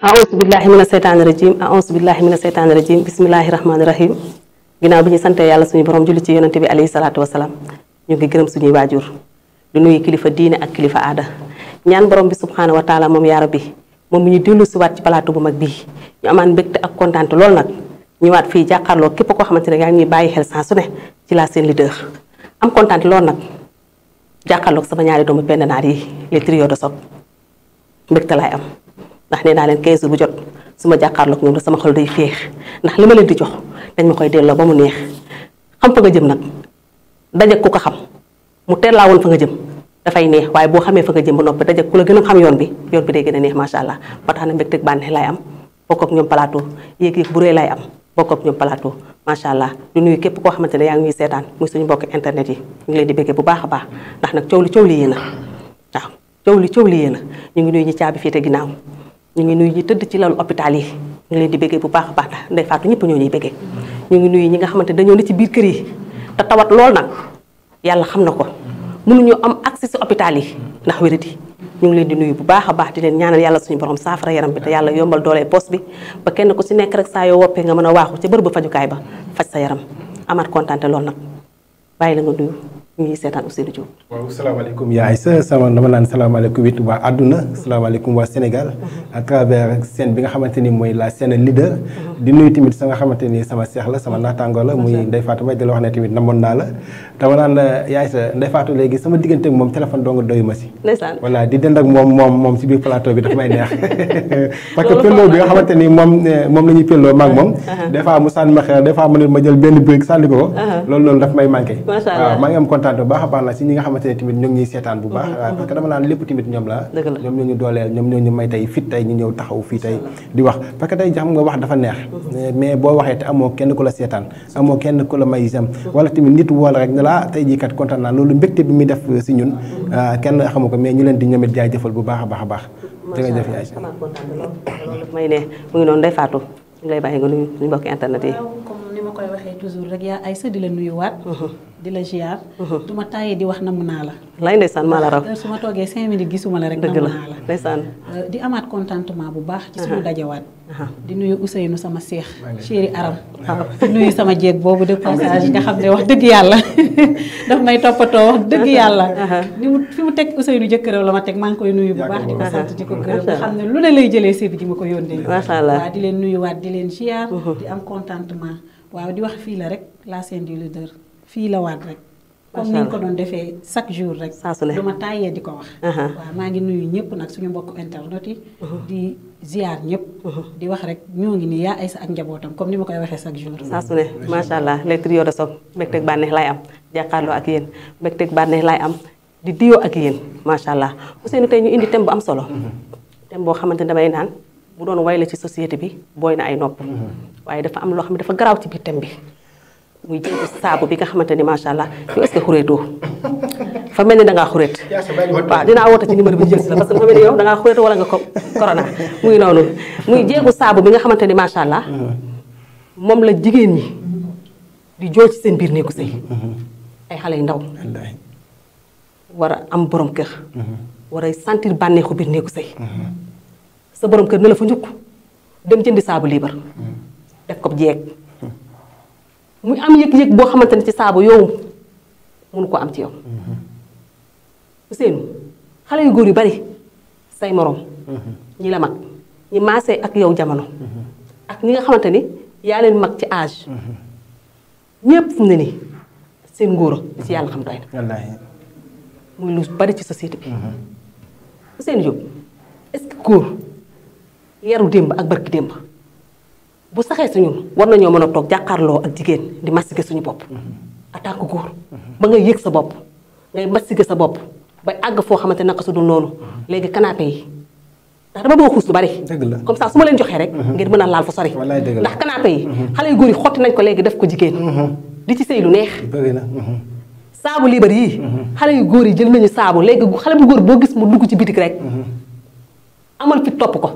auzu billahi mina setan rajim auzu billahi mina setan rajim bismillahir rahmanir rahim ginaaw biñu sante yalla suñu borom julli ci yonante bi alayhi salatu wassalam ñu ngi gërëm suñu wajur di nuyu kilifa diine ak kilifa aada ñaan borom bi subhanahu wa taala mom ya rabbi mom ñu dellu Nyaman wat ci plateau bu mag bi ñu amaan mbégte ak contante lool nak ñu wat fi jaxarlo kep ko xamantene ya ngi bayyi xel sa suné ci la seen leader am contante lool nak jaxarlo sama ñaari doomu benn yi les trio de lay am ndax nee naa leen 15 bu jot su ma jàkkaarloog ñoom rek sama xal day féex ndax li ma leen di jox dañ ma koy delloo ba mu neex xam fa nga jëm nag daje ku ko xam mu teel laa woon fa nga jëm dafay neex waaye boo xamee fa nga jëm ba noppi daje ku la gën a xam yoon bi yoon bi day gën a neex macha allah ba tax na mbégteeg bànneex laay am bokk ak ñoom plateau yéeg-yéeg bu rëy laay am bokk ak ñoom plateau macha allah du nuyu képp koo xamante ne yaa ngi ñuy seetaan muy suñu mbokk internet yi ñu ngi leen a baax ndax nag coow li coow li yéen a waaw coow li coow li yéen ñu ngi nuyu ñi caabi féete ginnaaw ñu ngi nuyu ñi tëdd ci lalu hôpital yi ñu leen di bëggé ya, nah, bu baax a baax ndey faatu ñepp ñoo ñi bëggé ñu ngi nuyu ñi nga xamanté dañoo ne ci biir kër yi ta tawat lool nak yalla xam na ko ñu am accès ci hôpital yi ndax ñu ngi leen di nuyu bu baax baax di leen ñaanal yalla suñu borom saafara yaram bi te yalla yombal doole poste bi ba kenn ku ci nekk rek sa yo wopé nga mëna waxu ci ci bërëb fajukaay ba faj sa yaram amat contenté lool nak bayila nga nuyu ñu ngi seetaan Ousseynou Diop. waaw salaamaaleykum yaa Aïssa sama dama naan salaamaaleykum it waa àdduna salaamaaleykum waa Sénégal à travers scène bi nga xamante ni mooy la scène leader. di nuyu tamit sa nga xamante ni sama seex la sama naataango la muy Ndeye Fatou Mbaye di la wax ne tamit namoon naa la dama naan eh, yaa Aïssa Ndeye Fatou léegi sama diggante moom téléphone dong doyu ma si. ndeysaan voilà di dend ak moom moom moom si biir plateau bi daf may neex. parce que pelloo bi nga xamante ni moom eh, moom la ñuy pelloo maag moom. Uh-huh. des mu sànni ma xel des fois ma jël benn brique sànni ko ko. Uh-huh. loolu loolu daf may manqué. kontaan bu baax a baax nag si ñi nga xamante tamit ñoo ngi seetaan bu baax mm-hmm, euh, parce dama lépp tamit ñoom la ñoom ñoo ñu dooleel ñoom ñoo ñu may tey fit tey ñu ñëw taxaw fii tey di wax parce dafa neex mm-hmm. euh, mais boo waxee te amoo kenn ku la seetaan amoo kenn ku la may isam wala tamit nit woo la rek ne ah, tey jii kat naa loolu mbégte bi muy def euh, si ñun mm-hmm. kenn xamu ko mais ñu leen di ñoomit jaajëfal bu baax a baax a baax jërëjëf yaay may ne mu ngi noonu toujours rek yaa Aïssa di la nuyuwaat. Uh-huh. di la ziar. Uh-huh. du ma tàyyee di wax namm naa la. lay ndeysaan maa la raw euh, su ma toogee cinq minutes gisuma la rek. dëgg la ndeysaan euh, di amaat contentement bu baax. ci uh-huh. suñu dajawaat. di nuyu Ousseynou sama seex. chéri aram di nuyu sama jéeg boobu de passage nga xam wax dëgg yàlla daf may toppatoo wax dëgg yàlla. ni mu fi mu teg Ousseynou jëkkëram la ma teg maa ngi koy nuyu bu baax. di ko sant di ko gërëm nga xam ne lu ne lay jëlee sédd gi ma ko yónnee. macha allah di leen nuyuwaat di leen ziar. di am contentement. waaw di wax fii la rek la scène du leader fii la waat rek comme ni ko doon defee chaque jour rek du ma tàyyee di ko wax waaw maa ngi nuyu ñëpp nag suñu mbokk internet yi di ziar ñëpp di wax rek ñoo ngi nii yaa ay sa ak njabootam comme ni ma koy waxee chaque jour saa su ne macha allah les trio de sob mbégteeg bànneex laay am jàkkaarloo ak yéen mbégteeg bànneex laay am di diyo ak yéen macha allah Ousseynou tey ñu indi thème bu am solo thème boo xamante ne damay naan bu doon way la ci société bi booy na ay nopp mhm. waaye dafa am loo xam ne dafa garaaw ci biir thème bi muy jëndu saabu bi nga xamante ni macha allah yow est fa mel ni da ngaa dinaa woote ci numéro bi jël yow da ngaa xureet wala ko corona muy noonu muy jéegu saabu bi nga xamante ni macha allah mhm. moom la jigéen ñi di jooy ci seen biir néegu sëy mhm. ay xale yu ndaw war a am borom kër war ay sentir bànneexu biir néegu sëy sa borom kër ne la fa njukk dem jëndi saabu liibar hmm. def ko jeeg muy am yëg-yëg boo xamante ne ci saabu yow mënu ko am ci yow hmm. Ousseynou xale yu góor yu bari say moroom hmm. ñi la mag ñi maasee ak yow jamono ak ñi nga xamante ni yaa leen mag ci âge ñëpp fu mu ne nii seen ngóoro li ci yàlla xam doy na muy lu bari ci société bi Ousseynou Diop est-ce que góor weeru démb ak barki démb bu saxee si ñun war na ñoo mën a toog jàkkaarloo ak jigéen di mastiquer suñu bopp en tant góor mm-hmm. ba ngay yëg sa bopp ngay mastiquer sa bopp ba àgg foo xamante naka su dul noonu mm-hmm. léegi canapé yi ndax dama bëgg a xuus comme ça su ma leen joxee rek mm-hmm. ngeen mën a laal fa sori ndax canapé yi xale yu góor yi xotti nañ ko léegi def ko jigéen di ci sëy lu neex saabu liibar yii xale yu góor yi jël nañu saabu léegi xale bu góor boo gis mu dugg ci bitik rek amal fi topp ko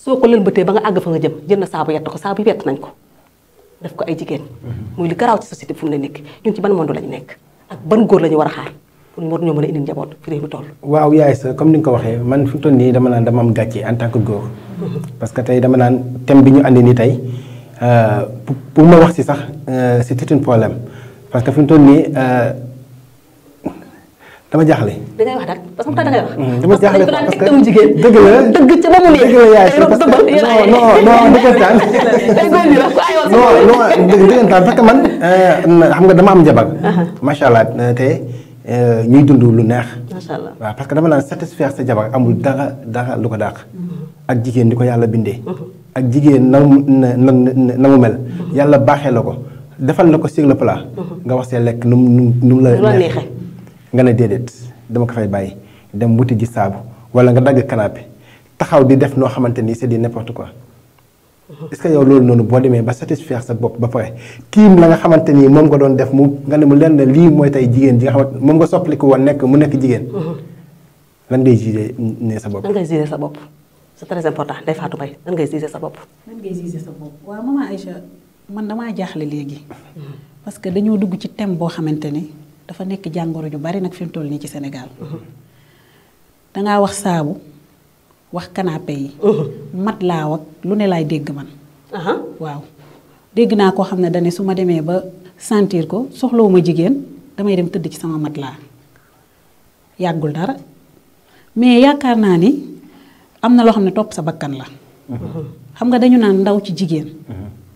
soo ko lëlbatee ba nga àgg fa nga jëm jël na saabu yett ko saabu yett nañ ko def ko ay jigéen muy li garaaw ci société fu mu ne nekk ñun ñu war a xaar njaboot fi mi toll waaw yaay sa comme ni nga ko waxee man fi mu toll nii dama naan dama am gàcce en que góor mm-hmm. parce que tey dama naan thème bi ñu andi ni tey euh, pour ma wax si sax euh, c'est tout un problème parce que fi mu toll nii euh, dama jaaxle. da ngay wax daal parce que da ngay wax. Mm, dama jaaxle parce que dëgg la dëgg ca ba mu dëgg la yaay parce que non non dëggantaan. non non dëggantaan parce que man. Euh, xam nga dama am jabar. macha allah euh, te euh, ñuy dund lu neex. macha allah waaw parce que dama naan satisfaire sa jabar amul dara dara lu ko dàq. Mhm. ak jigéen di ko yàlla bindee. Mhm. ak jigéen na mu na mu mel. Mhm. yàlla baaxee la ko defal la ko sur le plat. nga wax see lekk nu mu nu mu la neexee. nga ne déedéet dama ko fay bàyyi dem wuti ji saabu wala nga dagg canapé taxaw di def noo xamante ni c'est di n'importe quoi mhm. est-ce que yow loolu noonu boo demee ba satisfaire sa bopp ba pare kiim la nga xamante ni moom nga ne mu leen na lii mooy tey jigéen ji nga xamante moom nga soppaliku woon nekk mu nekk jigéen. Mhm. lan ngay jugé ne sa bopp. lan ngay jugé sa sa man damaa jaaxle léegi. Mhm. parce dañoo dugg ci thème boo xamante ni. dafa nekk jàngoro ju bari nag fi mu toll nii ci Sénégal dangaa wax saabu wax canapé yi mat laa ak lu ne laay dégg man waaw dégg naa koo xam ne dane su ma demee ba sentir ko soxlawuma jigéen damay dem tëdd ci sama mat laa yàggul dara mais yaakaar naa ni am na loo xam ne topp sa bakkan la xam nga dañu naan ndaw ci jigéen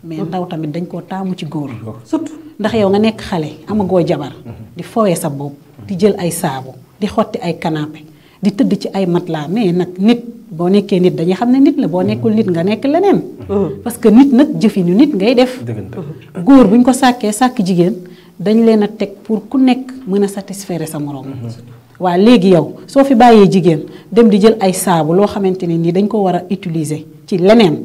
mais ndaw tamit dañ koo taamu ci góor surtout ndax yow nga nekk xale amagoo jabar di fowee sa bopp di jël ay saabu di xotti ay canapé di tëdd ci ay matelas mais nag nit boo nekkee nit dañuy xam ne nit la boo mm-hmm. nekkul nit nga nekk leneen. Mm-hmm. parce que nit nag jëfinu nit ngay def. Mm-hmm. góor bu ko sàkkee sàkk jigéen dañ leen a teg pour ku nekk mën a satisfaire sa moroom. waa léegi yow soo fi bàyyee jigéen dem di jël ay saabu loo xamante ne nii dañ ko war a utiliser ci leneen.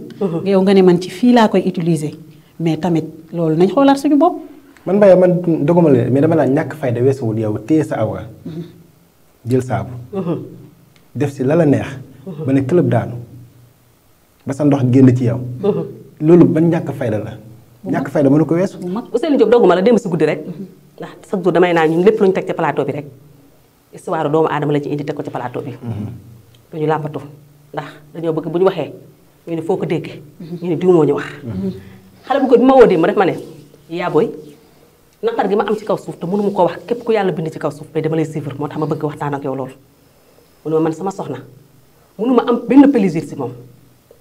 yow nga ne man ci fii laa koy utiliser mais tamit loolu nañ xoolaat suñu bopp. man Mbaye man doguma leen mais dama naan ñàkk fayda weesuwul yow téye sa awra jël saabu. def si la neex. ba ne club daanu ba sa ndox génn ci yow. loolu ba ñàkk fayda la. ñàkk fayda mënu ko weesu. bu mag Ousseynou Diop doguma la dem si guddi rek ndax chaque jour damay naan ñun lépp lu ñu bi rek histoire doomu aadama la ci indi teg ko ci plateau bi. Mhm. duñu làmbatu ndax dañoo bëgg bu ñu waxee ñu ne foo ko dégg. ñu ne diw moo ñu wax. Mhm. xale bu ko bi ma woo démb rek ma ne yaa naqar gi ma am ci kaw suuf te mënu ma koo wax képp ku yàlla bind ci kaw suuf mais dama lay moo tax ma bëgg waxtaan ak yow loolu mu man sama soxna mënu ma am benn plaisir si moom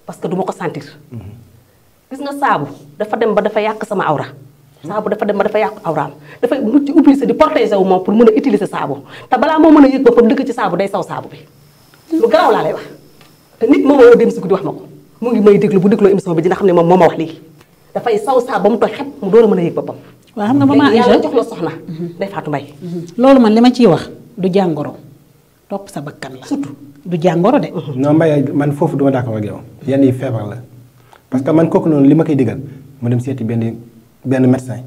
parce que du ma ko sentir. Mhm. gis nga saabu dafa dem ba dafa yàq sama awra. saabu dafa dem ba dafa yàq awraam dafay mucc obligé di protéger wu pour a utiliser saabu te moo mën dëkk ci saabu day saw saabu bi lu garaaw laa lay wax te nit moo ma woo dem si guddi wax ma ko mu ngi may déglu bu dégloo émission bi dina xam ne moom wax lii. dafay saw saa ba mu tooy xepp mu door a mën a yëg boppam. waaw xam nga maman Aïcha yàlla jox la soxna. day mhm. loolu man li ma ciy wax du jàngoro topp sa bakkan la. surtout du jàngoro de. Mhm. non Mbaye man foofu duma d'accord ak yow yenn yi feebar la parce que man kooku noonu li ma koy digal mu dem seeti benn benn médecin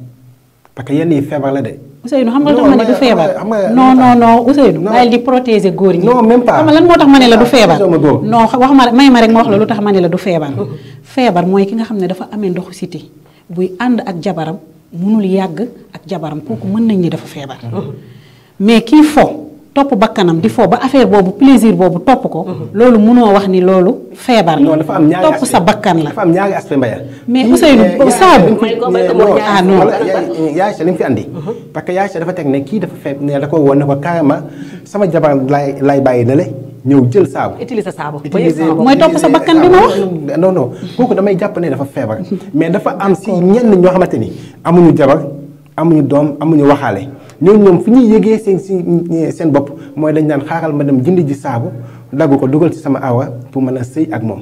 parce que yenn yi feebar de. Ousseynou xam nga lu tax ma ne du feebar non non non Ousseynou bàyyil di protéger góor ñi. non ma ne la du ah, feebar. non wax ma may ma rek ma wax la lu tax ma ne la du feebar. Mhm. feebar mooy ki nga xam ne dafa amee ndoxu siti buy ànd ak jabaram munul yàgg ak jabaram kooku mën nañ ni dafa feebar mais kii fo topp bakkanam di fo ba affaire boobu plaisir boobu topp ko loolu munoo wax ni loolu feebar la topp sa bakkan la am ñaari aspect mais Ousseynou saabu ah non yaay sa li mu fi andi parce que yaay sa dafa teg ne kii dafa feeb ne da ko woon ne ko carrément sama jabar lay lay bàyyi na le ñëw jël saabu. utiliser saabu mooy topp sa bakkan bi ma wax. non non kooku damay jàpp ne dafa feebar. mais dafa am si ñenn ñoo xamante ni amuñu jabar amuñu doom amuñu waxaale ñoom ñoom fu ñuy yëgee seen si seen bopp mooy dañ daan xaaral ma dem jënd ji saabu dagg ko dugal ci sama awa pour mën a sëy ak moom.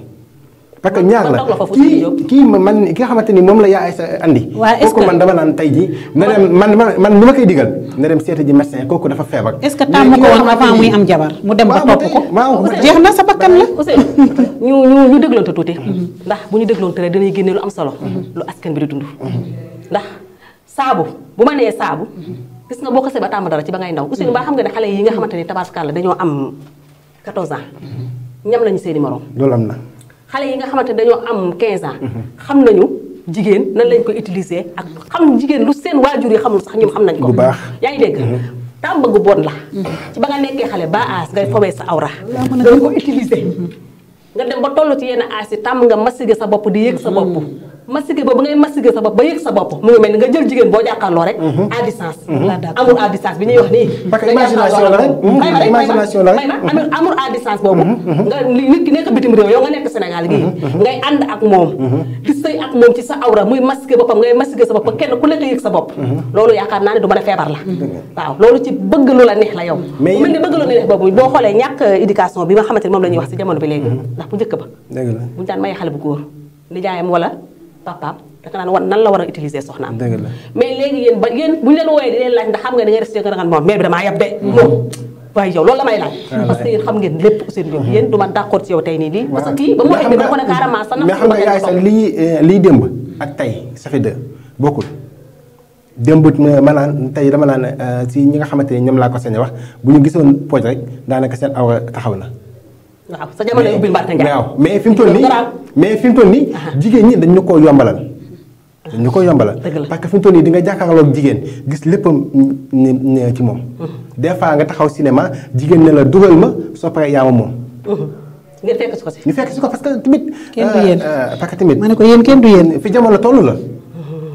parce que ñaar la kii kii man ki nga xamante ni moom la yaa sa andi. kooku man dama naan tey ji na dem man man lu ma koy digal. na dem seeta kooku dafa feebar. est-ce que tàmm ko woon avant muy am jabar mu dem ko. waaw la. ñu tuuti. ndax bu ñu dégloon te rek danay génne lu am solo. lu askan bi di dund. ndax saabu bu ma nee saabu. gis nga boo ko see ba tàmm dara ci ba ngay ndaw. aussi ba xam nga ne xale yi nga xamante ni tabaskalla dañoo am 14 ans ñam lañu seeni morom. loolu am na xalé yi nga xamanté dañu am 15 ans. xam nañu jigen nan lañ ko utiliser ak xam jigen lu seen waajur yi xamul sax ñoom xam nañ ko. bu baax yaa dégg. Mm-hmm. tam bëgg bon la. ci ba nga nekké xalé ba as ngay fobee sa awra. dañ ko utiliser. nga dem ba tollu ci yena as tam nga masige sa bop di yëg sa bop masige bobu ngay masige sa bop ba yek sa bop mu ngi melni nga jël jigéen boo jàkkaarloo rek à distance amour à distance bi ñuy wax ni imagination la rek imagination la rek amour amour à distance boobu nga nit ki nekk bitim rew yow nga nekk senegal gi ngay and ak mom di sey ak mom ci sa awra muy masige bopam ngay masige sa bop ba kenn ku nekk yek sa bop lolu yaakaar naa ne du mën a la waaw lolu ci bëgg lu la neex la yow mu ni bëgg lu neex bobu bo xoolee ñak éducation bi ma xamanteni mom lañuy wax ci jamono bi léegi ndax bu jëk ba la bu ñu may xalé bu goor ni jaayam wala papaam da nga nan la war a utiliser soxnaam. mais léegi yéen ba yéen bu ñu leen wooyee di laaj ndax xam nga da ngay resté kër nga moom mère bi damaa yab yow loolu la may laaj. parce que yéen xam ngeen lépp aussi yow yéen ma d'accord ci yow tey nii lii. parce que kii ba mu waxee ko ne xam nga yaay sax lii eh, lii démb ak tey ça fait deux ma naan tey dama naan eh, si ñi nga xamante ne ñoom laa ko sañ wax bu ñu gisoon pooj rek daanaka seen aw taxaw na waaw sa jamono yi ubbil Mbathé Ndiaye. mais fi mu toll nii mais fi mu toll nii. jigéen ñi dañ ñu ko yombalal. dañ ñu ko yombalal. parce que fi mu toll nii di nga jàkkaarloog jigéen gis léppam ci moom. Uhuh. des fois nga taxaw cinéma jigéen ne la dugal ma soo paree yaa moom. Uhuh. ngeen fekk si ko si. ñu fekk si ko parce que tamit. kenn du yéen euh, euh, parce que tamit. ma ne ko yéen kenn du yéen. fi jamono toll la.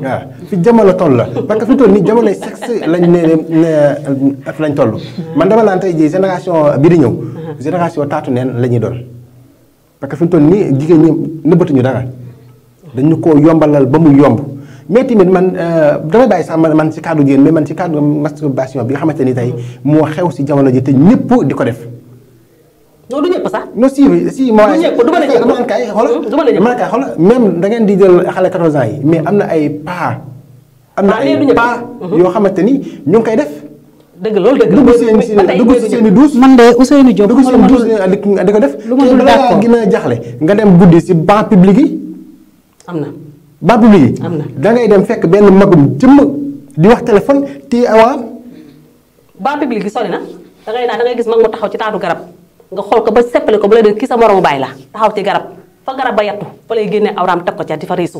waaw fi jamono toll la parce que fi toll nii jamonoy sexe lañ ne ne lañ toll. man dama naan tey jii génération bi di ñëw. génération taatu neen la ñuy doon. parce que fi toll nii jigéen ñi nëbbatuñu dara dañu ko yombalal ba mu yomb mais tamit man euh, damay bàyyi sax man man ci cadre jigéen mais man ci cadre masturbation bi nga xamante ni tey moo xew si jamono ji te ñëpp di ko def. non du ñëpp sax. non si si ma. du ñëpp du ma la ñëpp man kay xoolal même da ngeen di jël xale 14 ans yi mais am na ay pas. am na ah, ay pas mhm. yoo xamante ni ñu ngi koy def. dëgg loolu dëgg lu seen si dugg si seen i duus. man de Ousseynou Diop dugg seen duus di ko def. lu ma dul d'accord gën a jaxle nga am na banc public yi. am na da dem fekk benn magum jëmm di wax téléphone téye awaam. banc public yi sori na da ngay naan da ngay gis mag mu taxaw ci taatu garab. nga xool ko ba seppale ko bu la dee kii sa moromu baay la taxaw ci garab fa garab ba yattu fa lay génnee awraam teg ko ca di fa riisu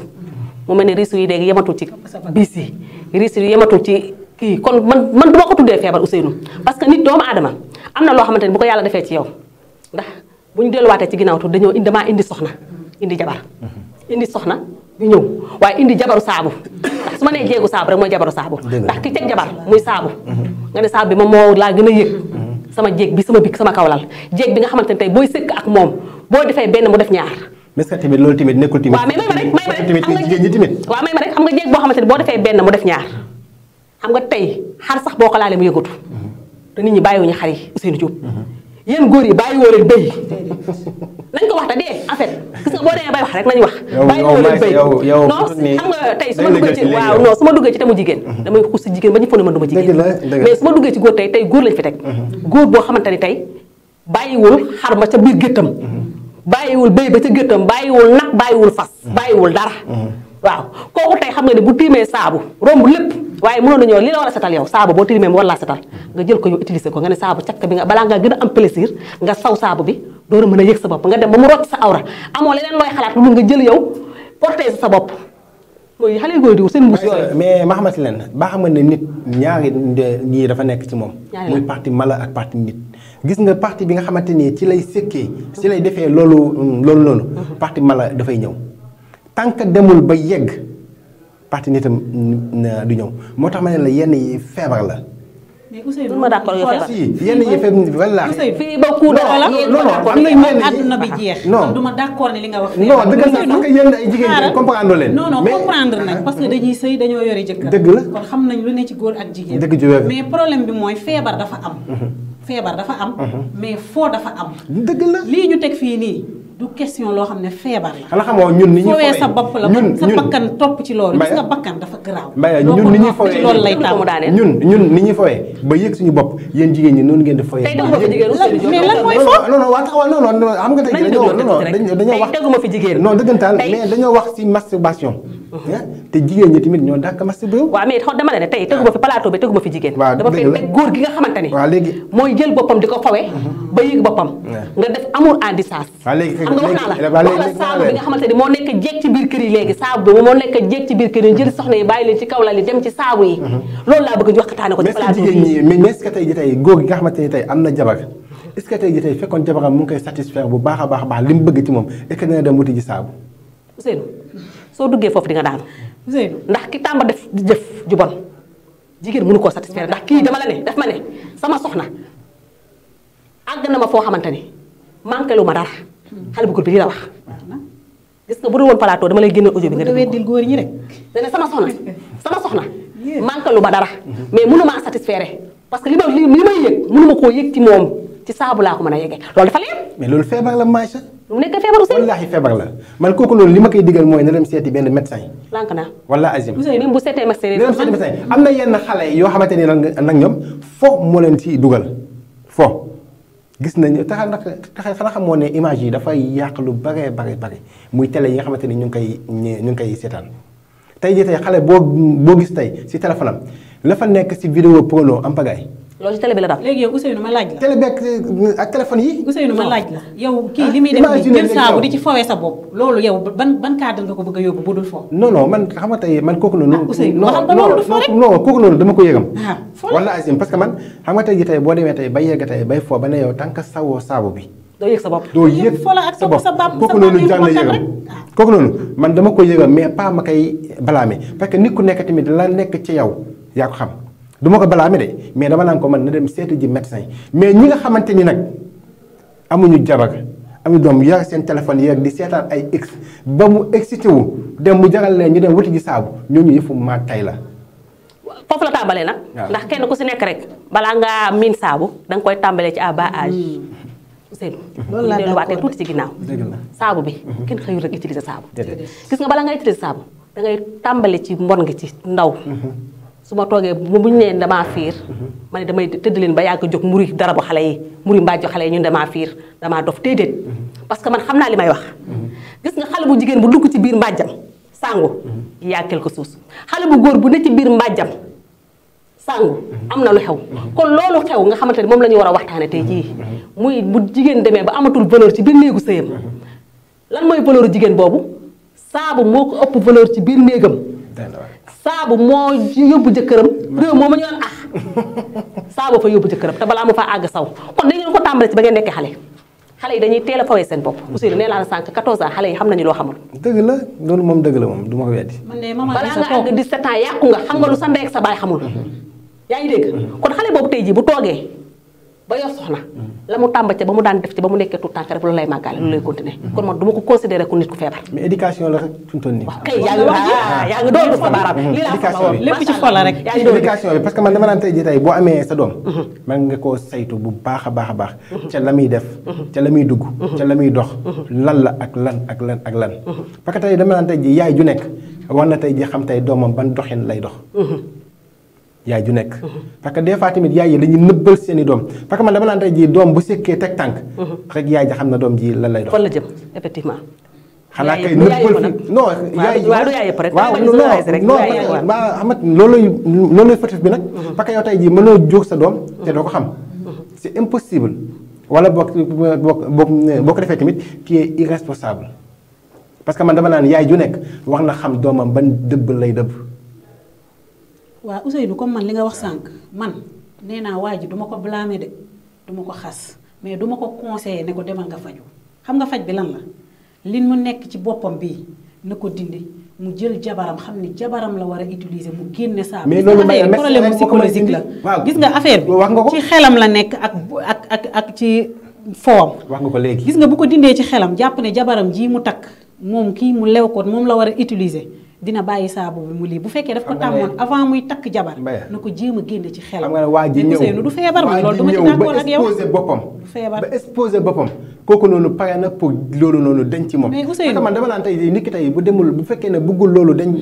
mu mel ne riisu yi léegi yematul ci biis yi riisu yi yematul ci kii kon man man du ma ko tuddee feebar Ousseynou parce que nit doomu aadama am na loo xamante ni bu ko yàlla defee ci yow ndax bu delluwaatee ci ginnaaw tuuti dañoo indi damaa indi soxna indi jabar indi soxna ñu ñëw waaye indi jabaru saabu ndax su ma nee jéegu saabu rek mooy jabaru saabu ndax ki teg sama jéeg bi sama bik sama kawlal jéeg bi nga xamante ne tey booy sëkk ak moom boo defee benn mu def ñaar. mais est-ce loolu timit nekkul tamit. waaw mais may ma rek may ma rek xam nga jigéen ñi tamit. waaw may ma rek xam nga jéeg boo xamante ne boo defee benn mu def ñaar xam nga tey xar sax boo ko laalee mu yëngatu mhm. te nit ñi bàyyiwuñu xar yi Ousseynou Diop mhm. yéen góor yi bàyyi woo leen béy nañ ko wax te dee en fait gis nga boo demee bay wax rek nañu wax bàyyi woo leen tey su ma duggee ci waaw non su ma duggee ci te jigéen mm-hmm. damay xuus si jigéen ba ñu foog ne man du ma jigéen mais su ma duggee ci góor tey tey góor lañ fi teg mm-hmm. góor boo xamante ni tey bàyyiwul xar ma ca biir géttam mm-hmm. bàyyiwul béy ba ca géttam bàyyiwul nag bàyyiwul fas bàyyiwul dara waaw kooku tey xam nga ne bu tiimee saabu romb lépp waaye mënoon nañoo li la war a setal yow saabu boo tiimee mu war laa setal nga jël ko yow utiliser ko nga ne saabu cakk bi nga balaa ngaa a am plaisir nga saw bi door a mën a sa bopp nga dem ba mu rocc sa amoo leneen looy xalaat nga jël yow protéger sa bopp mooy xale yu góor di seen mbuus yooyu mais ma xamante leen baa xam nga ne nit ñaari ñii dafa nekk ci moom muy parti mala ak parti nit gis nga parti bi nga xamante ni ci lay sëkkee ci lay defee loolu loolu noonu mm-hmm. parti mala dafay ñëw tant que demul ba yegg parti nitam du ñëw moo tax ma ne la yenn yi feebar la. mais Ousseynou ma d'accord yow feebar yenn yi feebar la. ba coup d'or la non non am na ma d'accord ne li nga wax. non dëgg la parce que yéen ay jigéen ñi comprendre leen. non non comprendre sëy dañoo yore jëkkër. dëgg la kon xam nañ lu ne ci góor ak jigéen. dëgg ju mais problème bi mooy feebar dafa am. Mhm. feebar dafa am. Mhm. mais foo dafa am. dëgg la lii ñu teg fii nii. du question loo xam ne feebar la. xanaa xamoo ñun ni xam nga tey dañoo fi jigéen. non dëggantaan teguma fi jigéen. waaw dama teg góor gi nga xamante ni. waaw léegi mooy jël boppam di ko fowee ba yëg boppam nga def amour à distance. xam nga wax naa moo nekk jeeg ci biir kër yi léegi saabu bi moo nekk jeeg ci biir kër yi jël soxna yi bàyyi leen ci kaw lal yi dem ci saabu yi mhm. loolu laa bëgg ko ji tey góor gi nga a baax baax li mu bëgg duggee foofu di nga daanu ndax ki tàmba def jëf ju bon jigéen mënu koo satisfaire ndax kii dama la ne daf ma ne sama soxna àgg na ma foo xamante ni manqué lu ma dara xale bu góor bi li la wax. gis nga bu dul woon plateau dama lay génne audio bi nga déglu ko weddil góor ñi rek. dana sama soxna sama soxna. manqué lu ma dara. mais mënu maa satisfaire parce que li ma li may yëg mënu koo yëg ci moom ci saabu laa ko mën a yëgee loolu dafa mais loolu feebar la Maïcha. lu nekk feebaru sëy la man kooku loolu li ma koy digal mooy na dem seeti benn médecin. lànk naa wala azim. même bu seetee médecin na dem seeti médecin am na yenn xale yoo xamante ne nag nag ñoom fo moo leen ci dugal fo. gis nañu taxa ndax taxa xanaa xamoon ne image yi dafay yàq lu bare bare bare muy télé yi nga xamante ni ñu ngi koy ñu ngi koy seetaan tey jii tey xale boo boo gis tey si téléphone am la fa nekk si vidéo porno am bagay loolu ci télé bi la daal. léegi yow ma laaj la. télé bi ak téléphone yi. Ousseynou ma laaj la ah. yow kii li muy def nii saabu di ci fowee sa bopp. loolu yow ban ban cadre nga ko bëgg a yóbbu bu dul fo. non non man xam nga tey man kooku noonu. que man xam tey boo demee tey bay yegg tey bay fo ba ne yow tant que sawoo saabu bi. doo yëg sa bopp doo yëg sa bopp kooku noonu jàng man dama ko yëgam mais pas ma koy balaame parce que nit ku nekk mi la nekk ci yow yaa ko xam duma ma ko balaame de mais dama naan ko man na dem seeti ji médecin mais ñi nga xamante ni nag amuñu jabar amuñu doom yor seen téléphone yeeg di seetaan ay x ba mu excité wu dem mu jaral leen ñu dem wuti ji saabu ñooñu yëfu maa tay la. foofu la tàmbalee nag. ndax kenn ku si nekk rek balaa ngaa miin saabu da koy tàmbalee ci à bas âge. Hmm. Ousseynou loolu laa delluwaatee tuuti ci ginnaaw. saabu bi mhm. kenn xëyul rek utiliser saabu. gis nga balaa ngay utiliser saabu da ci mbon nga ci ndaw. Mhm. su ma toogee bu ñu nee damaa fiir ma ne damay tëdd leen ba yàgg jóg muri dara bu xale yi muri mbàjju xale yi ñu damaa fiir damaa dof déedéet parce que man xam naa li may wax gis nga xale bu jigéen bu dugg ci biir mbàjjam sàngu yaa quelque chose xale bu góor bu ne ci biir mbàjjam sàngu am na lu xew kon loolu xew nga xamante ne moom la ñu war a waxtaane tey jii muy bu jigéen demee ba amatul valeur ci biir néegu sëyam lan mooy valeur jigéen boobu saabu moo ko ëpp valeur ci biir néegam saabu moo yóbbu jëkkëram réew moom a ñu doon ax ah. saabu fa yóbbu jëkkëram te balaa mu fa àgg saw kon da ngeen ko tàmbale ci ba ngeen nekkee xale xale yi dañuy teel a fawee seen bopp Ousseynou nee naa sànq 14 ans xale yi xam nañu loo xamul dëgg la loolu moom moom du ma ko weddi balaa nga àgg 17 ans yàqu nga xam nga lu sa ndey ak sa baay xamul mm-hmm. yaa ngi dégg mm-hmm. kon xale boobu tey jii bu toogee ba yor soxna la mu tàmba ca ba mu daan def ci ba mu nekkee tout tànk rek lu lay màggaale lu lay mm. continuer mm. kon man du ko considéré nit ku feebar mais éducation la rek nii kay ah, ah, sa baaraam mm. lii laa sama woon lépp ci xol la rek éducation bi parce que man dama naan tey jii tey boo amee sa doom man mm-hmm. nga koo saytu bu baax a baax a baax mm-hmm. ca la muy def mm-hmm. ca la muy dugg ca la muy dox lan la ak lan ak lan ak tey dama naan tey jii yaay ju nekk war tey jii xam tey doomam ban doxin lay dox yaay ju nekk. parce que des fois tamit yaay yi dañuy nëbbal seen i doom parce que man dama naan tey jii doom bu sekkee teg tànk. yaay ko xam. Mhm. c'est impossible. wala boo boo boo ko defee tamit qui est irresponsable parce que man dama ju nekk wax na xam doomam ban dëbb lay dëbb. waaw Ousseynou comme man li nga wax sànq man nee naa waa ji du ma ko blâmer de du ma ko xas mais du ma ko conseiller ne ko demal nga faju xam nga faj bi lan la lin mu nekk ci boppam bii na ko dindi mu jël jabaram xam ni jabaram la war a utiliser mu génne saa. mais loolu problème psychologique la. waaw gis nga affaire bi ci xelam la nekk ak ak ak ak ci foom. wax nga ko léegi gis nga bu ko dindee ci xelam jàpp ne jabaram jii mu takk moom kii mu lew ko moom la war a utiliser. dina bàyyi saabu bi mu lii bu fekkee daf ko tàmmoon avant muy takk jabar na ko jéem a génne ci xel xam nga ne waa ji ñëw du feebar ma loolu duma ci d'accord boppam du feebar ba exposé boppam kooku noonu pare na pour loolu noonu denc ci moom Ousseynou man dama naan tey nit ki tey bu demul bu fekkee ne bëggul loolu dañ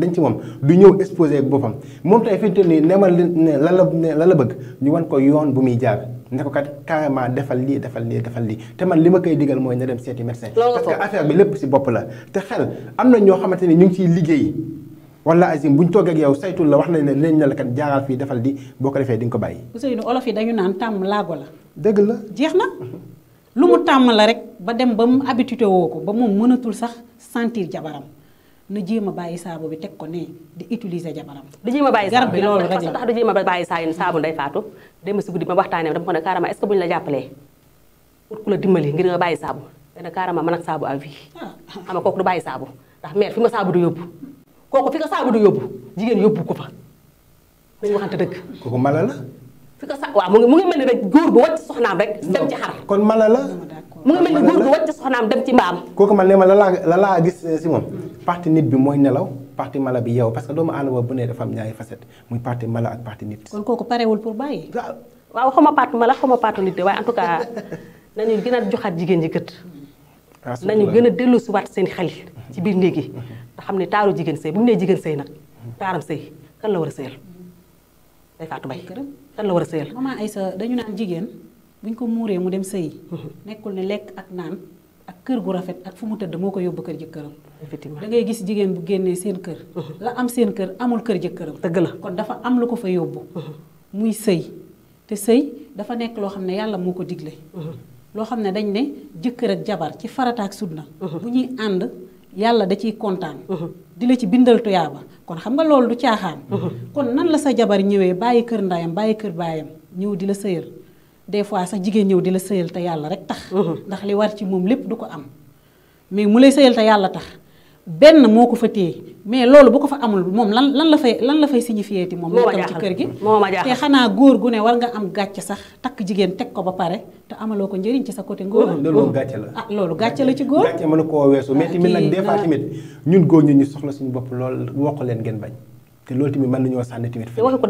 denc moom du ñëw exposé boppam moom tey fi mu toll nii nemal ne la la la la bëgg ñu wan ko yoon bu muy jaar ne ko kat carrément defal lii defal lii defal te man li ma koy digal mooy na dem seeti médecin parce que affaire bi lépp si bopp la te xel am na ñoo xamante ni ñu ngi ciy liggéey wala Azim bu ñu toog ak yow saytul la wax nañ ne leen na la kat jaaral fii defal di boo ko defee di nga ko bàyyi Ousseynou olof yi dañu naan tàmm laago la dëgg la jeex na mhm. lu mu tàmm la rek ba dem ba mu habitué woo ko ba moom mënatul sax sentir jabaram na jéem a bàyyi saabu bi teg ko ne di utiliser jabaram. du jéem a bàyyi saabu bi loolu a bàyyi saa faatu dem si guddi ma waxtaanee dama ko ne carrément est-ce que bu ñu pour la dimbali nga bàyyi saabu dana carrément man ak saabu à vie. Ah. xam nga kooku du bàyyi saabu ndax mère fi ma saabu du yóbbu kooku fi nga saabu du yóbbu jigéen yóbbu ko fa nañu waxante dëgg. kooku mala la. fi nga waaw mu ngi mu ngi mel ni rek góor bu wàcc soxnaam rek. dem ci xar kon mala la. mu ngi mel ni góor gu wàcc soxnaam dem ci mbaam. kooku man ne ma la laa la laa gis eh, si moom partie nit bi mooy nelaw parti mala bi yeewu parce que doomu aadama bu ne dafa am ñaari facette muy partie mala ak partie nit. kon pour bàyyi. waaw xaw ma mala xaw ma partie nit de waaye en tout cas nañu gën a joxaat jigéen ñi kët. Ah, nañu gën a delloosiwaat seen xel ci biir néeg yi. Mm-hmm. xam ne taaru jigéen sëy bu ñu nee jigéen sëy nag taaram sëy kan la war a sëyal day Fatou Mbaye kan war a sëyal. maman Aïssa dañu naan jigéen. buñ ko muuree mu dem sëyi. Mhm. nekkul ne lekk ak naan ak kër gu rafet ak fu mu tëdd moo ko yóbbu kër jëkkëram. effectivement dangay gis jigéen bu génnee seen kër. Mhm. la am seen kër amul kër jëkkëram. tëgg la kon dafa am lu ko fa yóbbu. Mhm. muy sëy te sëy dafa nekk loo xam ne yàlla moo ko digle. loo xam ne dañ ne jëkkër ak jabar ci farataak ak sunna bu ñuy ànd yàlla da ciy kontaan. di la ci bindal tuyaaba kon xam nga loolu du caaxaan. kon nan la sa jabar ñëwee bàyyi kër ndayam bàyyi kër baayam ñëw di la sëyal. des fois sax jigéen ñëw di la sëyal te yàlla rek tax. ndax li war ci moom lépp du ko am. mais mu lay sëyal te yàlla tax benn moo ko fa téye mais loolu bu ko fa amul moom lan lan la fay lan la fay signifié ti moom. moo ci kër gi te xanaa góor gu ne war nga am gàcc sax takk jigéen teg ko ba pare te amaloo ko njëriñ ci sa côté. ngóor loolu gàcce la ah loolu gàcce la ci góor. gàcce mën na koo weesu ah, mais tamit nag des fois tamit ñun góor ñu ñu soxla suñu bopp lool wax leen ngeen bañ. te loolu tamit mën nañoo sànni tamit. te fi wax.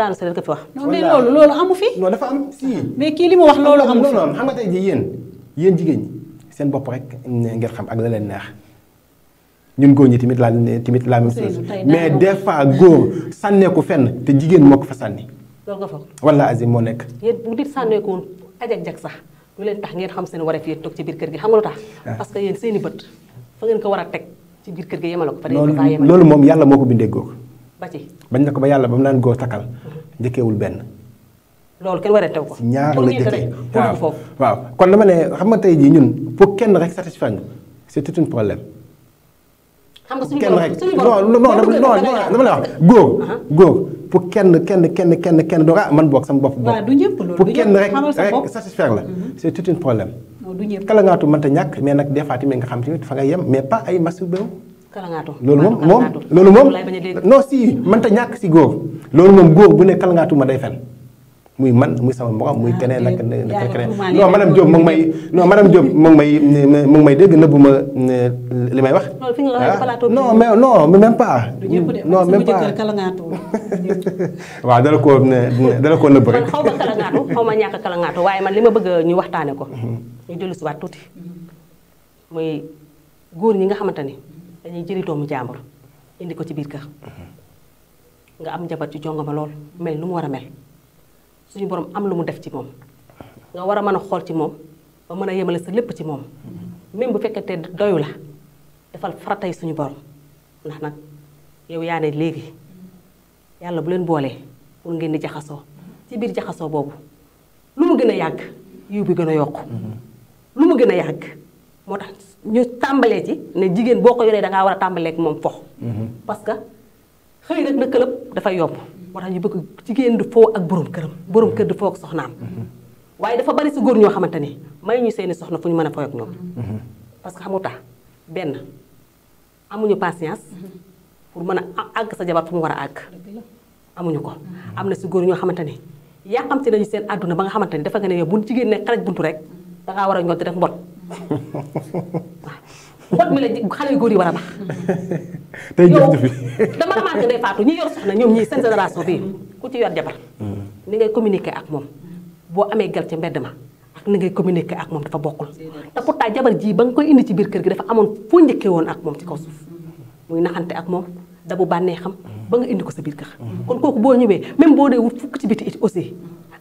non mais loolu loolu amu fi. non dafa am si. mais kii li ma wax loolu amu fi non xam nga tey jii yéen yéen ñi seen bopp rek ngeen xam ak la neex ñun góor ñi tamit la tamit la même chose mais des fois góor sànneeku fenn te jigéen moo ko fa sànni. loolu nga foog walla Azim moo nekk. yéen bu nit sànneeku woon sax lu leen tax xam seen wareef yéen toog ci biir kër gi xam nga tax. Ah. parce que yéen seen i bët fa ko war teg ci biir kër gi yemale ko. fa loolu moom yàlla moo ko bindee góor ba ci bañ na ko ba yàlla ba mu naan góor takkal njëkkeewul mhm. benn. loolu kenn waree taw ko. ñaar la jëkkee waaw waaw kon dama ne xam nga tey jii ñun pour kenn rek satisfaire ñu c'est tout un problème. xam nga suñu borom kenn rek non non non dama la wax góor góor. pour kenn kenn kenn kenn kenn doo ah man boog du ñëpp kenn rek rek satisfaire la. Mhm. c' est tout un problème. ñàkk mais nag des fois tamit nga xam tamit fa nga yem mais pas ay masu beew. kalangaatu loolu moom moom loolu moom non si mënta ñàkk si góor loolu moom góor bu ne kalangaatu ma day fen muy man muy sama mboqam muy ah, keneen ak keneen non madame Diop mu ngi may non madame Diop mu ngi may mu ngi may dégg nëbbu ma li may wax. Ah, non mais non même pas. non même pas waaw dala koo dala koo nëbb rek. xaw ma kalangaatu waaye man li ma bëgg ñu waxtaane ko. Mhm. ñu dellu si waat tuuti muy góor ñi nga xamante ni. dañuy jëri doomu jàmbur indi ko ci biir kër nga am njaboot ci jongoma lool mel nu mu war a mel suñu borom am lu mu def ci moom nga war a mën a xool ci moom ba mën a yemale sa lépp ci moom même bu fekkente doyu la defal faratay suñu borom ndax nag yow yaa ne léegi yàlla bu leen boolee pour ngeen di jaxasoo ci biir jaxasoo boobu lu mu gën a yàgg yiw bi gën a yokk mm-hmm. lu mu gën a yàgg moo tax ñu tàmbalee ci ne jigéen boo ko yoree da war a tàmbaleek moom fox. Mhm. parce que xëy nag na këlëb dafa yomb. moo tax ñu bëgg jigéen du foo ak borom këram borom kër du foo ak soxnaam. Mhm. waaye dafa bari si góor ñoo xamante ni may ñu seeni soxna fu ñu mën a foo ak mhm. parce que xamu tax benn amuñu patience pour mën a àgg sa jabar fu mu war a àgg. amuñu ko am na si góor ñoo xamante ni yàqamti nañu seen àdduna ba nga xamante ni dafa nga ne bu jigéen ne xaraj buntu rek da ngaa war a ñor di def mbot. xot mi la xale yu góor yi war a baax. tey jëf fi dama remarqué day faatu ñi yor soxna ñoom ñii seen génération bii ku ci yor jabar. Mm. ni ngay communiquer ak moom boo amee gal ca mbedd ma ak ni ngay communiquer ak moom dafa bokkul te pourtant jabar jii ba nga koy indi ci biir kër gi dafa amoon foo njëkkee woon ak moom ci kaw suuf muy naxante ak moom. dabu bànnee xam ba nga indi ko sa biir kër kon kooku boo ñëwee même boo dee wut fukk ci biti it aussi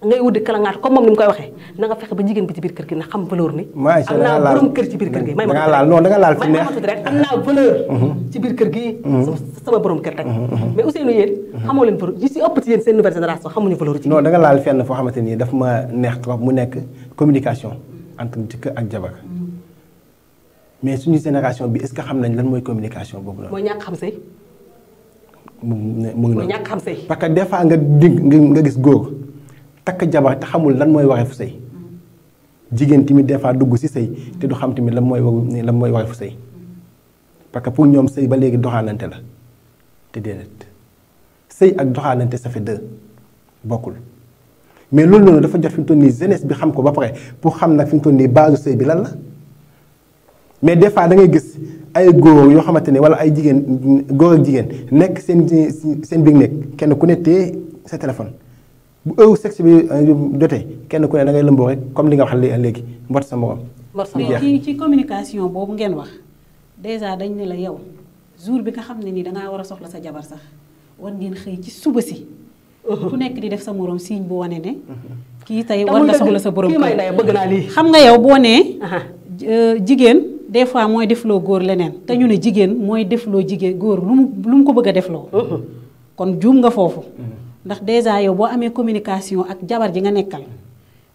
ngay wut di kalangaat comme moom ni mu koy waxee na fexe ba jigéen bi ci biir kër gi na xam valeur ni ma laal non da nga laal fi neex rek am naa valeur ci biir kër gi mm-hmm. sama borom kër rek mm-hmm. mais aussi nu yéen xamoo leen valeur yi si ëpp ci yéen seen nouvelle génération xamuñu valeur ci non da laal fenn foo xamante nii daf ma neex trop mu nekk communication entre jëkkër ak jabar mm-hmm. mais suñu génération bi est-ce que xam nañ lan mooy communication boobu la mooy mu ngi noonu ñàkk xam sëy parce que des fois nga dig nga gis góor takk jabar te xamul lan mooy fu sëy jigéen timit des fois dugg si sëy te du xam tamit lan mooy waru lan mooy wareefu sëy parce que pour ñoom sëy ba léegi doxaalante la te déedéet sëy ak doxaalante ça bokkul mais loolu noonu dafa jot fi mu toll nii jeunesse bi xam ko ba pare pour xam nag fi mu toll nii base sëy bi lan la mais des fois da ngay gis. ay góor yo xamante wala ay jigen góor ak jigéen nekk sen seen biir nekk kenn ku ne téye sa téléphone bu heure sexe bi doté kenn ku ne da ngay lembo rek comme li nga wax léegi mbot sa morom. mbot sa ci communication bobu ngeen wax déjà dañ ne la yow jour bi nga xam ni da nga wara soxla sa jabar sax won ngeen xëy ci suba ci ku nek di def sa morom signe bu wane ne. ki tay war nga soxla sa borom ki may lay bëgg na li xam nga yow boo nee. Euh, jigéen des fois mooy defloo góor leneen te ñu ne jigéen mooy defloo jigéen góor lu mu lu mu ko bëgg a defloo uh-huh. kon juum nga foofu uh-huh. ndax déjà yow boo amee communication ak jabar ji nga nekkal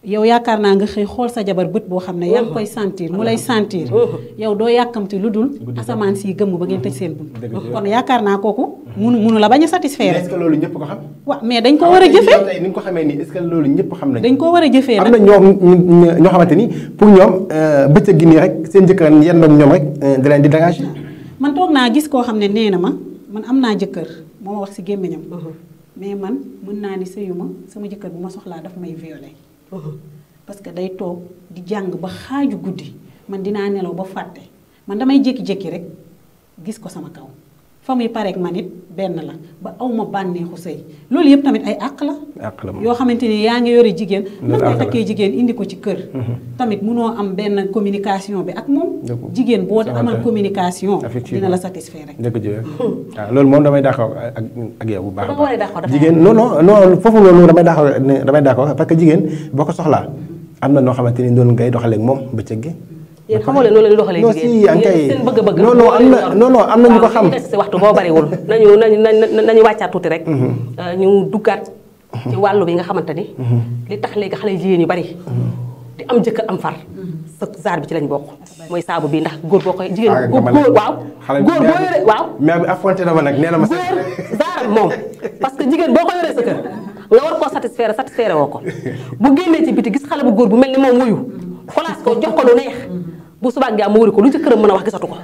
yow yakarna nga xey xol sa jabar beut bo xamne yang koy oh. sentir mou oh. lay sentir oh. yow do yakamti lu asaman si gemu ba ngeen tej sen bu kon yakarna koku munu munu la baña satisfaire est-ce que loolu ñëpp ko xam wa mais dañ ko wara jëfé ni nga ko xamé ni est-ce que loolu ñëpp xam nañ dañ ko wara jëfé amna ñom ño xamanteni ñoo xamante ni pour ñoom euh, bëccëg gi ni rek sen jëkkër yenn ak ñom rek euh, da leen di déranger man tok na gis ko xamne neena ma man amna naa jëkkër wax ci gemmiñam uh-huh. mais man mën na ni seyuma sama jëkkër bu ma soxla daf may violer Uhh. parce que day toog di jàng ba xaaju guddi man dinaa nelaw ba fàtte man damay jékki-jékki rek gis ko sama kaw fa muy pareeg ma it benn la ba aw ma bànneexu sëy loolu yëpp tamit ay àq la. àq yoo xamante ni yaa ngi yore jigéen. loolu nga takkee jigéen indi ko ci kër. Mhm. tamit munoo am benn communication bi ak moom. jigéen boo amal communication. dina la satisfaire rek. dëgg jërëjëf waaw hmm. ah, loolu moom damay d'accord ak ak yow bu baax a baax. jigéen non non non foofu loolu damay d'accord damay d'accord parce que jigéen boo ko soxlaa am na noo xamante ni noonu ngay doxaleeg moom bëccëg gi. yéen xamoo leen noonu la ñu doxalee jigéen seen bëgg-bëgg non non am na non non am na ñu ko xam waxtu boo bariwul nañu nañu nañu wàccaat tuuti rek mm-hmm. euh, ñu duggaat ci mm-hmm. wàllu bi nga xamante ni mm-hmm. li tax léegi xale jigéen yu bari di am jëkkër am far sa saar bi ci lañ bokk mooy saabu bi ndax góor boo koy jigéen ah, góor waaw góor boo yoree waaw mais bi affronté na ma nag nee na ma góor saaram moom parce que jigéen boo ko yoree sa kër nga war koo satisfaire satisfaire woo ko bu génnee ci biti gis xale bu góor bu mel ni moom wuyu folaas ko jox ko lu neex bu subaak jàmm mu wuri ko lu jëkkëram mën a wax gisatu ko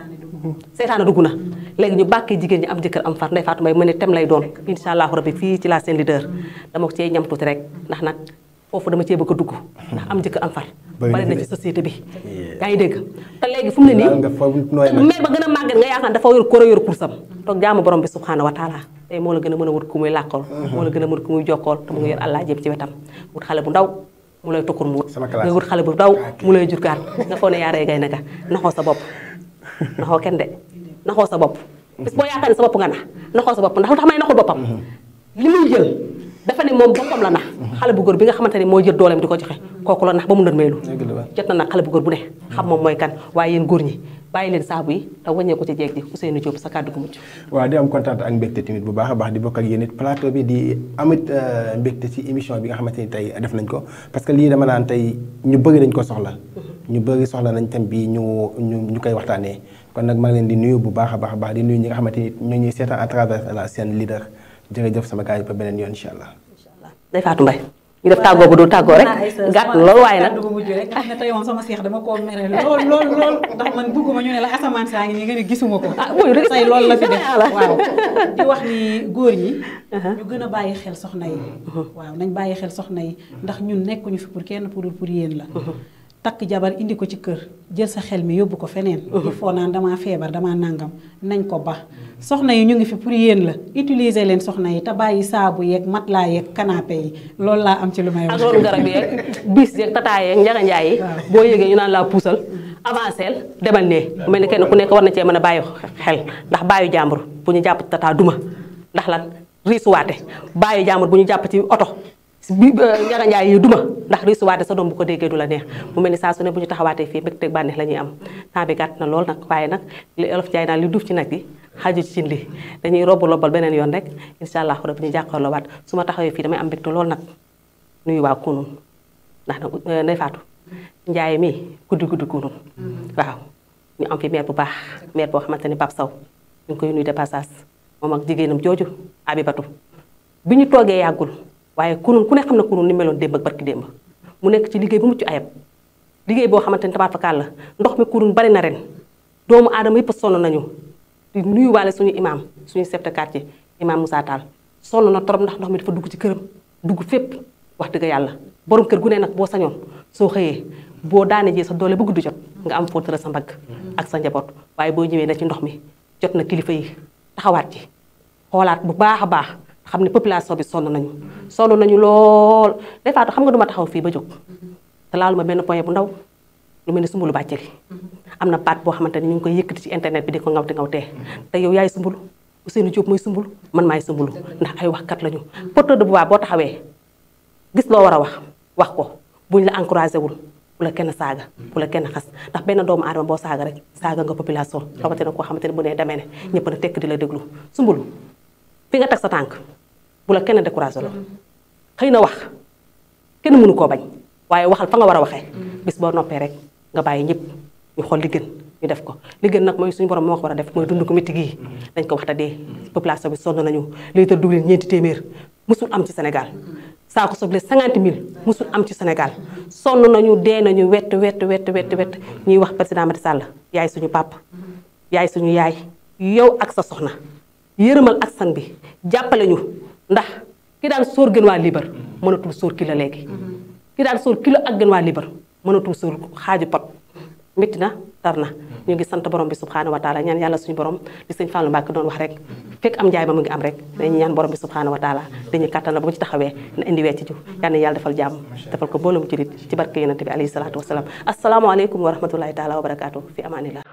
seytaane dugg na léegi ñu bàkkee jigéen ñi am jëkkër am far Ndeye Fatou Mbaye mu tem lay doon incha allahu rabbi fii ci la seen leader dama ko cee ñam tuuti rek ndax nag foofu dama cee bëgg dugg ndax am jëkkër am far bari na ci société bi yaa ngi dégg te léegi fu mu ne nii mère ba gën a màgget nga yaakaar dafa yor kóor a yor kursam toog jaamu borom bi subhaana wa taala tey moo la gën a mën a wut ku muy làkkool moo la gën a mën ku muy jokkool te mu ngi yor àllaa xale bu ndaw mu lay tokkur mbuut nga wut xale bu daw ah, mu lay jur kaat nga foog ne yaaree ngay naka naxoo sa bopp naxoo kenn de naxoo sa bopp bis boo yaakaar sa bopp nga nax naxoo sa bopp ndax lu tax may naxul boppam mhm. li muy jël dafa ne moom boppam la nax mhm. xale bu góor bi nga xamante ne mooy jël dooleem di ko joxe kooku la nax ba mu ndërmeelu jot na nag xale bu góor bu ne xam moom mooy kan waaye yéen góor ñi bàyyi leen saabu yi te wàññee ko ci jeeg ji Ousseynou Diop sa kàddu gu mujj. waaw di am kontaan ak mbégte tamit bu baax a baax di bokk ak yéen it plateau bi di amit euh, mbégte ci émission bi nga xamante ni tey def nañ ko parce que lii dama naan tey ñu bëgg dañ ko soxla. Mm-hmm. ñu bëgg soxla nañ tam bii ñu ñu ñu koy waxtaanee kon nag maa ngi leen di nuyu bu baax a baax a baax di nuyu ñi nga xamante ni ñoo ñuy seetaan à travers la seen leader jërëjëf sama gars yi ba beneen yoon incha allah. incha ñu def tàggoo bu dul tàggoo rek gàtt loolu waaye nag bu mujj rek ne tey moom sama seex dama koo mere lool lool lool ndax man bëgguma ñu ne la asamaan saa ngi nii nga ne gisuma ko ah, say loolu la fi def waaw di wax ni góor ñi uh-huh. ñu gën a bàyyi xel soxna yi uh-huh. waaw nañ bàyyi xel soxna yi ndax ñun nekkuñu fi pour kenn pour pour yéen la uh-huh. takk jabar indi ko ci kër jël sa xel mi yóbbu ko feneen foo faut naan damaa feebar damaa nangam nañ ko ba soxna yi ñu ngi fi pour yéen la utiliser leen soxna yi te bàyyi saabu yeeg matelas yeeg canapé yi loolu laa am ci lu may wax ak garab yeeg bis yeeg tataa yeeg njaganjaay yi naan laa puusal avancel demal ne mel ne kenn ku nekk war na cee mën a bàyyi xel ndax bàyyi jàmbur bu ñu jàpp tataa duma ndax lan riisuwaate bàyyi jàmbur bu ñu jàpp ci oto bi ñaga ñaay yi duma ndax risu waade sa dom bu ko déggee du la neex mu melni sa su ne bu ñu taxawaatee fii mbégte am ta bi gàtt na lool nak waye nak li olof jay na li duuf ci nak yi xaju ci li dañuy robbu lobal benen yoon rek inshallah allah rabbi ñu jàkkaarloo waat su ma taxawee fii damay am mbégte lool nak nuyu wa kunu ndax na euh, faatu mi guddi guddi kunu waaw ñu am fi meer bu baax meer bo xamanteni pap saw ñu koy nuyu de passage moom ak jigéenam joju abibatu bi ñu toogee waaye kunun ku ne xam na kunun ni meloon démb ak barki démb mu nekk ci liggéey bu mucc ayib liggéey boo xamante ni tabaarkalla ndox mi kunun bari na ren doomu aadama yëpp sonn nañu di nuyuwaale suñu imaam suñu chef de quartier imaam Moussa Tall sonn na torop ndax ndox mi dafa dugg ci këram dugg fépp wax dëgg yàlla borom kër gu ne nag boo sañoon soo xëyee boo daane jee sa doole bu guddi jot nga am foo sa mbag ak sa njaboot waaye boo ñëwee na ci ndox mi jot na kilifa yi taxawaat ci bu baax a baax xam population bi sonn nañu sonn nañu lool des fois xam nga duma taxaw fi ba jóg te laaluma ben point bu ndaw lu melni sumbulu baccel amna pat bo xamanteni ñu ngi koy ci internet bi di ko ngawte ngawtee te yow yaay sumbulu Ousseynou Diop moy sumbulu man may sumbulu ndax ay kat lañu porteur de bois bo taxawé gis lo wara wax wax ko buñ la encourager wul wala kenn saga wala kenn xas ndax ben doomu adam bo saga rek saga nga population xamanteni ko xamanteni bu ne demee ñepp na tek di la deglu sumbulu fi nga tak sa tank bu la kenn découragé loo xëy na wax kenn mënu koo bañ waaye waxal fa nga war a waxee mm. bis boo noppee rek nga bàyyi ñëpp ñu xool li gën ñu def ko li gën nag mooy suñu borom moo wax war a def mooy dund ko métti gii mm. dañ ko wax te dee population bi sonn nañu litre diwlin ñeenti téeméer musul am ci senegal mm. saako soble 50 mille musul am ci Sénégal sonn nañu dee nañu wett wett wett wet wett ñuy wax président Macky Sall yaay suñu pàpp yaay suñu yaay yow ak sa soxna yërëmal ak san bi jàppale ñu ndax ki daan sóor gën waa libar mënatul sóor kilo léegi ki daal sóor kilo ak gën waa libar mënatul sóor xaaju pot métti na tar na ñu ngi sant borom bi subxanahu wa taala ñaan yàlla suñu borom li sëñ Fallou Mbacke doon wax rek fekk am njaay ma mu ngi am rek ñaan borom bi subxanahu wa taala dañuy kàttan ci taxawee na indi wecc ju yal na yàlla defal jàmm defal ko mbooloo mu julit ci barke yonente bi alayhi salaatu wa salaam asalaamualeykum wa rahmatullahi taala wa barakaatu fi amaanillah